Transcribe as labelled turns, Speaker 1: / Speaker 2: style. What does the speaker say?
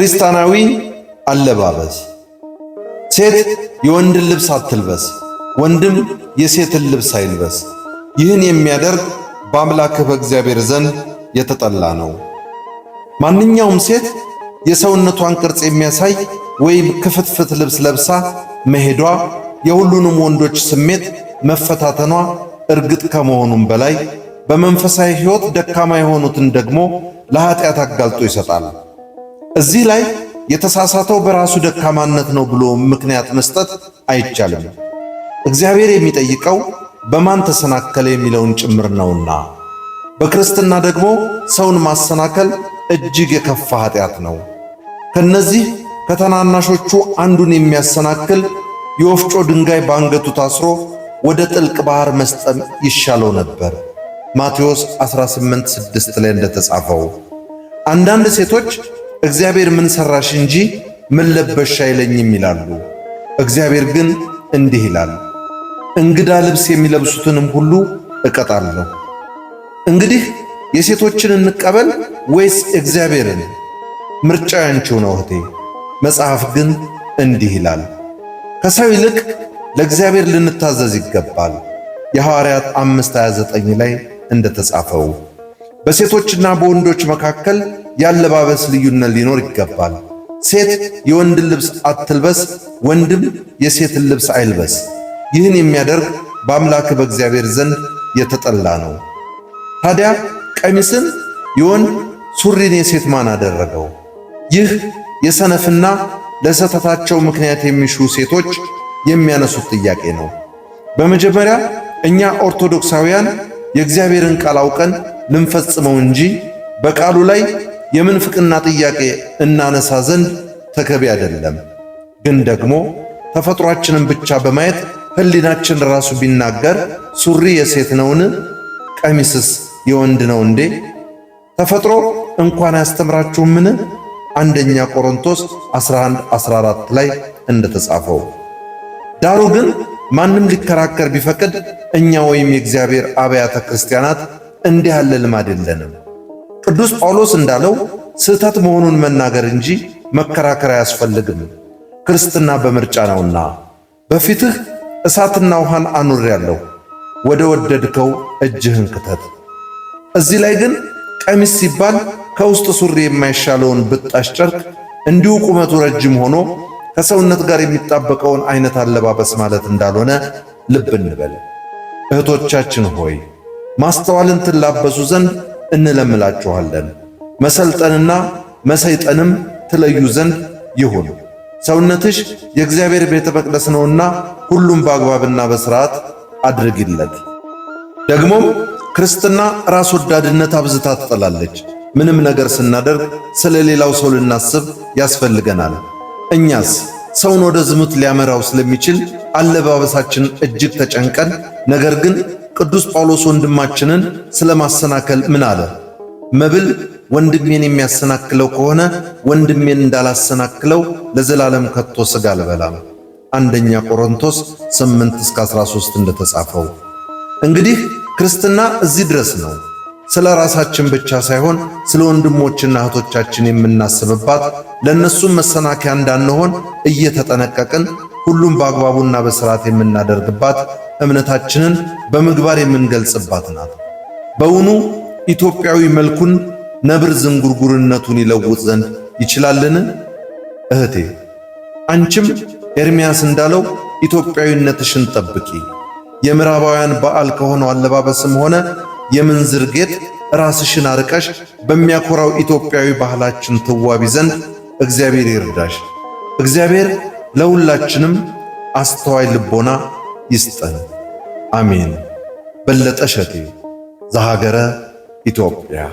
Speaker 1: ክርስቲያናዊ አለባበስ ሴት የወንድን ልብስ አትልበስ፣ ወንድም የሴትን ልብስ አይልበስ። ይህን የሚያደርግ በአምላክህ በእግዚአብሔር ዘንድ የተጠላ ነው። ማንኛውም ሴት የሰውነቷን ቅርጽ የሚያሳይ ወይም ክፍትፍት ልብስ ለብሳ መሄዷ የሁሉንም ወንዶች ስሜት መፈታተኗ እርግጥ ከመሆኑም በላይ በመንፈሳዊ ሕይወት ደካማ የሆኑትን ደግሞ ለኃጢአት አጋልጦ ይሰጣል። እዚህ ላይ የተሳሳተው በራሱ ደካማነት ነው ብሎ ምክንያት መስጠት አይቻልም። እግዚአብሔር የሚጠይቀው በማን ተሰናከለ የሚለውን ጭምር ነውና። በክርስትና ደግሞ ሰውን ማሰናከል እጅግ የከፋ ኃጢአት ነው። ከነዚህ ከተናናሾቹ አንዱን የሚያሰናክል የወፍጮ ድንጋይ በአንገቱ ታስሮ ወደ ጥልቅ ባህር መስጠም ይሻለው ነበር። ማቴዎስ 18:6 ላይ እንደተጻፈው አንዳንድ ሴቶች እግዚአብሔር ምን ሰራሽ እንጂ ምን ለበሽ አይለኝም ይላሉ። እግዚአብሔር ግን እንዲህ ይላል፣ እንግዳ ልብስ የሚለብሱትንም ሁሉ እቀጣለሁ። እንግዲህ የሴቶችን እንቀበል ወይስ እግዚአብሔርን? ምርጫ ያንቺው ነው እህቴ። መጽሐፍ ግን እንዲህ ይላል፣ ከሰው ይልቅ ለእግዚአብሔር ልንታዘዝ ይገባል። የሐዋርያት 5:29 ላይ እንደተጻፈው በሴቶችና በወንዶች መካከል ያለባበስ ልዩነት ሊኖር ይገባል። ሴት የወንድን ልብስ አትልበስ፣ ወንድም የሴትን ልብስ አይልበስ። ይህን የሚያደርግ በአምላክ በእግዚአብሔር ዘንድ የተጠላ ነው። ታዲያ ቀሚስን የወንድ ሱሪን የሴት ማን አደረገው? ይህ የሰነፍና ለሰተታቸው ምክንያት የሚሹ ሴቶች የሚያነሱት ጥያቄ ነው። በመጀመሪያ እኛ ኦርቶዶክሳውያን የእግዚአብሔርን ቃል አውቀን ልንፈጽመው እንጂ በቃሉ ላይ የምንፍቅና ጥያቄ እናነሳ ዘንድ ተገቢ አይደለም። ግን ደግሞ ተፈጥሯችንን ብቻ በማየት ሕሊናችን ራሱ ቢናገር ሱሪ የሴት ነውን? ቀሚስስ የወንድ ነው እንዴ? ተፈጥሮ እንኳን አያስተምራችሁምን? አንደኛ ቆሮንቶስ 11 14 ላይ እንደተጻፈው። ዳሩ ግን ማንም ሊከራከር ቢፈቅድ እኛ ወይም የእግዚአብሔር አብያተ ክርስቲያናት እንዲህ ያለ ልማድ የለንም። ቅዱስ ጳውሎስ እንዳለው ስህተት መሆኑን መናገር እንጂ መከራከር አያስፈልግም፣ ክርስትና በምርጫ ነውና። በፊትህ እሳትና ውሃን አኑሬአለሁ፣ ወደ ወደድከው እጅህን ክተት። እዚህ ላይ ግን ቀሚስ ሲባል ከውስጥ ሱሪ የማይሻለውን ብጣሽ ጨርቅ እንዲሁ ቁመቱ ረጅም ሆኖ ከሰውነት ጋር የሚጣበቀውን አይነት አለባበስ ማለት እንዳልሆነ ልብ እንበል። እህቶቻችን ሆይ ማስተዋልን ትላበሱ ዘንድ እንለምላችኋለን። መሰልጠንና መሰይጠንም ትለዩ ዘንድ ይሁን። ሰውነትሽ የእግዚአብሔር ቤተ መቅደስ ነውና ሁሉም በአግባብና በስርዓት አድርጊለት። ደግሞም ክርስትና ራስ ወዳድነት አብዝታ ትጠላለች። ምንም ነገር ስናደርግ ስለ ሌላው ሰው ልናስብ ያስፈልገናል። እኛስ ሰውን ወደ ዝሙት ሊያመራው ስለሚችል አለባበሳችን እጅግ ተጨንቀን ነገር ግን ቅዱስ ጳውሎስ ወንድማችንን ስለ ማሰናከል ምን አለ? መብል ወንድሜን የሚያሰናክለው ከሆነ ወንድሜን እንዳላሰናክለው ለዘላለም ከቶ ሥጋ አልበላም። አንደኛ ቆሮንቶስ 8 እስከ 13 እንደተጻፈው። እንግዲህ ክርስትና እዚህ ድረስ ነው። ስለ ራሳችን ብቻ ሳይሆን ስለ ወንድሞችና እህቶቻችን የምናስብባት፣ ለእነሱም መሰናከያ እንዳንሆን እየተጠነቀቅን ሁሉም በአግባቡና በሥርዓት የምናደርግባት እምነታችንን በምግባር የምንገልጽባት ናት። በውኑ ኢትዮጵያዊ መልኩን ነብር ዝንጉርጉርነቱን ይለውጥ ዘንድ ይችላልን? እህቴ አንቺም ኤርሚያስ እንዳለው ኢትዮጵያዊነትሽን ጠብቂ። የምዕራባውያን በዓል ከሆነው አለባበስም ሆነ የምንዝር ጌጥ ራስሽን አርቀሽ በሚያኮራው ኢትዮጵያዊ ባህላችን ትዋቢ ዘንድ እግዚአብሔር ይርዳሽ። እግዚአብሔር ለሁላችንም አስተዋይ ልቦና ይስጠን። አሚን በለጠ ሸቴ ዘሀገረ ኢትዮጵያ